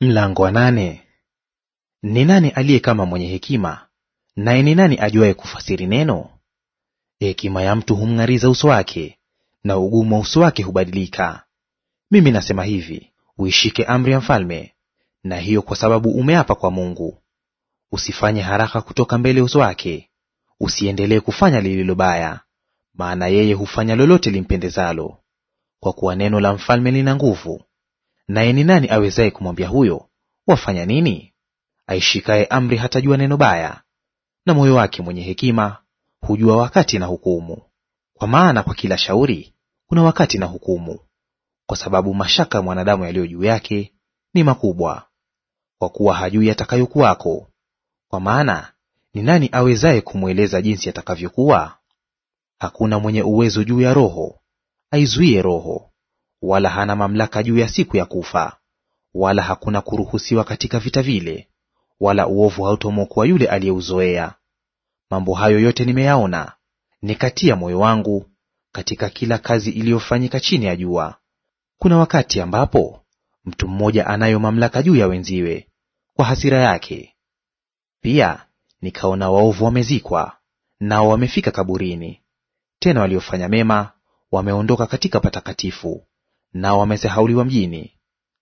Mlango wa nane. Ni nani aliye kama mwenye hekima, naye ni nani ajuaye kufasiri neno? Hekima ya mtu humng'ariza uso wake, na ugumu wa uso wake hubadilika. Mimi nasema hivi, uishike amri ya mfalme, na hiyo kwa sababu umeapa kwa Mungu. Usifanye haraka kutoka mbele uso wake, usiendelee kufanya lililo baya, maana yeye hufanya lolote limpendezalo. Kwa kuwa neno la mfalme lina nguvu, Naye ni nani awezaye kumwambia huyo, wafanya nini? Aishikaye amri hatajua neno baya, na moyo wake mwenye hekima hujua wakati na hukumu. Kwa maana kwa kila shauri kuna wakati na hukumu, kwa sababu mashaka ya mwanadamu yaliyo juu yake ni makubwa. Kwa kuwa hajui yatakayokuwako, kwa maana ni nani awezaye kumweleza jinsi yatakavyokuwa? Hakuna mwenye uwezo juu ya roho aizuie roho, wala hana mamlaka juu ya siku ya kufa, wala hakuna kuruhusiwa katika vita vile, wala uovu hautomwokoa yule aliyeuzoea. Mambo hayo yote nimeyaona, nikatia moyo wangu katika kila kazi iliyofanyika chini ya jua. Kuna wakati ambapo mtu mmoja anayo mamlaka juu ya wenziwe kwa hasira yake. Pia nikaona waovu wamezikwa, nao wamefika kaburini; tena waliofanya mema wameondoka katika patakatifu, nao wamesahauliwa mjini.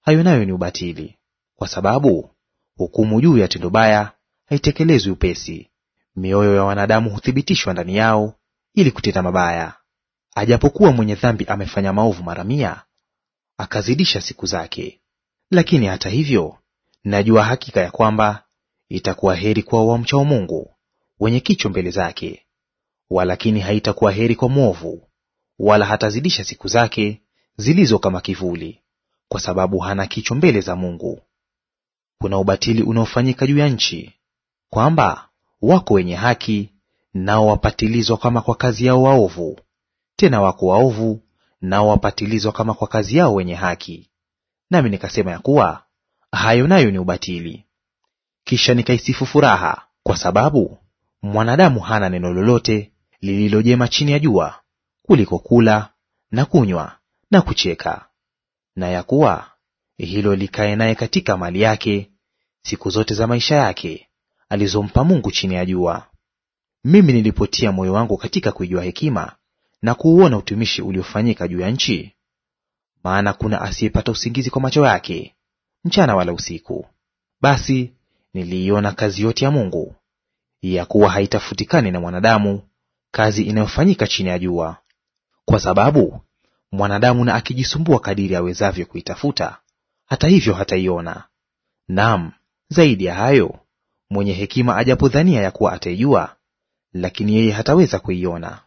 Hayo nayo ni ubatili, kwa sababu hukumu juu ya tendo baya haitekelezwi upesi. Mioyo ya wanadamu huthibitishwa ndani yao ili kutenda mabaya. Ajapokuwa mwenye dhambi amefanya maovu mara mia, akazidisha siku zake, lakini hata hivyo najua hakika ya kwamba itakuwa heri kwa wamchao Mungu wenye kicho mbele zake, walakini haitakuwa heri kwa mwovu, wala hatazidisha siku zake, zilizo kama kivuli, kwa sababu hana kicho mbele za Mungu. Kuna ubatili unaofanyika juu ya nchi, kwamba wako wenye haki nao wapatilizwa kama kwa kazi yao waovu, tena wako waovu nao wapatilizwa kama kwa kazi yao wenye haki. Nami nikasema ya kuwa hayo nayo ni ubatili. Kisha nikaisifu furaha, kwa sababu mwanadamu hana neno lolote lililojema chini ya jua kuliko kula na kunywa na kucheka, na ya kuwa hilo likae naye katika mali yake siku zote za maisha yake alizompa Mungu chini ya jua. Mimi nilipotia moyo wangu katika kuijua hekima na kuuona utumishi uliofanyika juu ya nchi, maana kuna asiyepata usingizi kwa macho yake mchana wala usiku, basi niliiona kazi yote ya Mungu, ya kuwa haitafutikani na mwanadamu kazi inayofanyika chini ya jua, kwa sababu mwanadamu na akijisumbua kadiri awezavyo kuitafuta, hata hivyo hataiona. Naam, zaidi ya hayo, mwenye hekima ajapodhania ya kuwa ataijua, lakini yeye hataweza kuiona.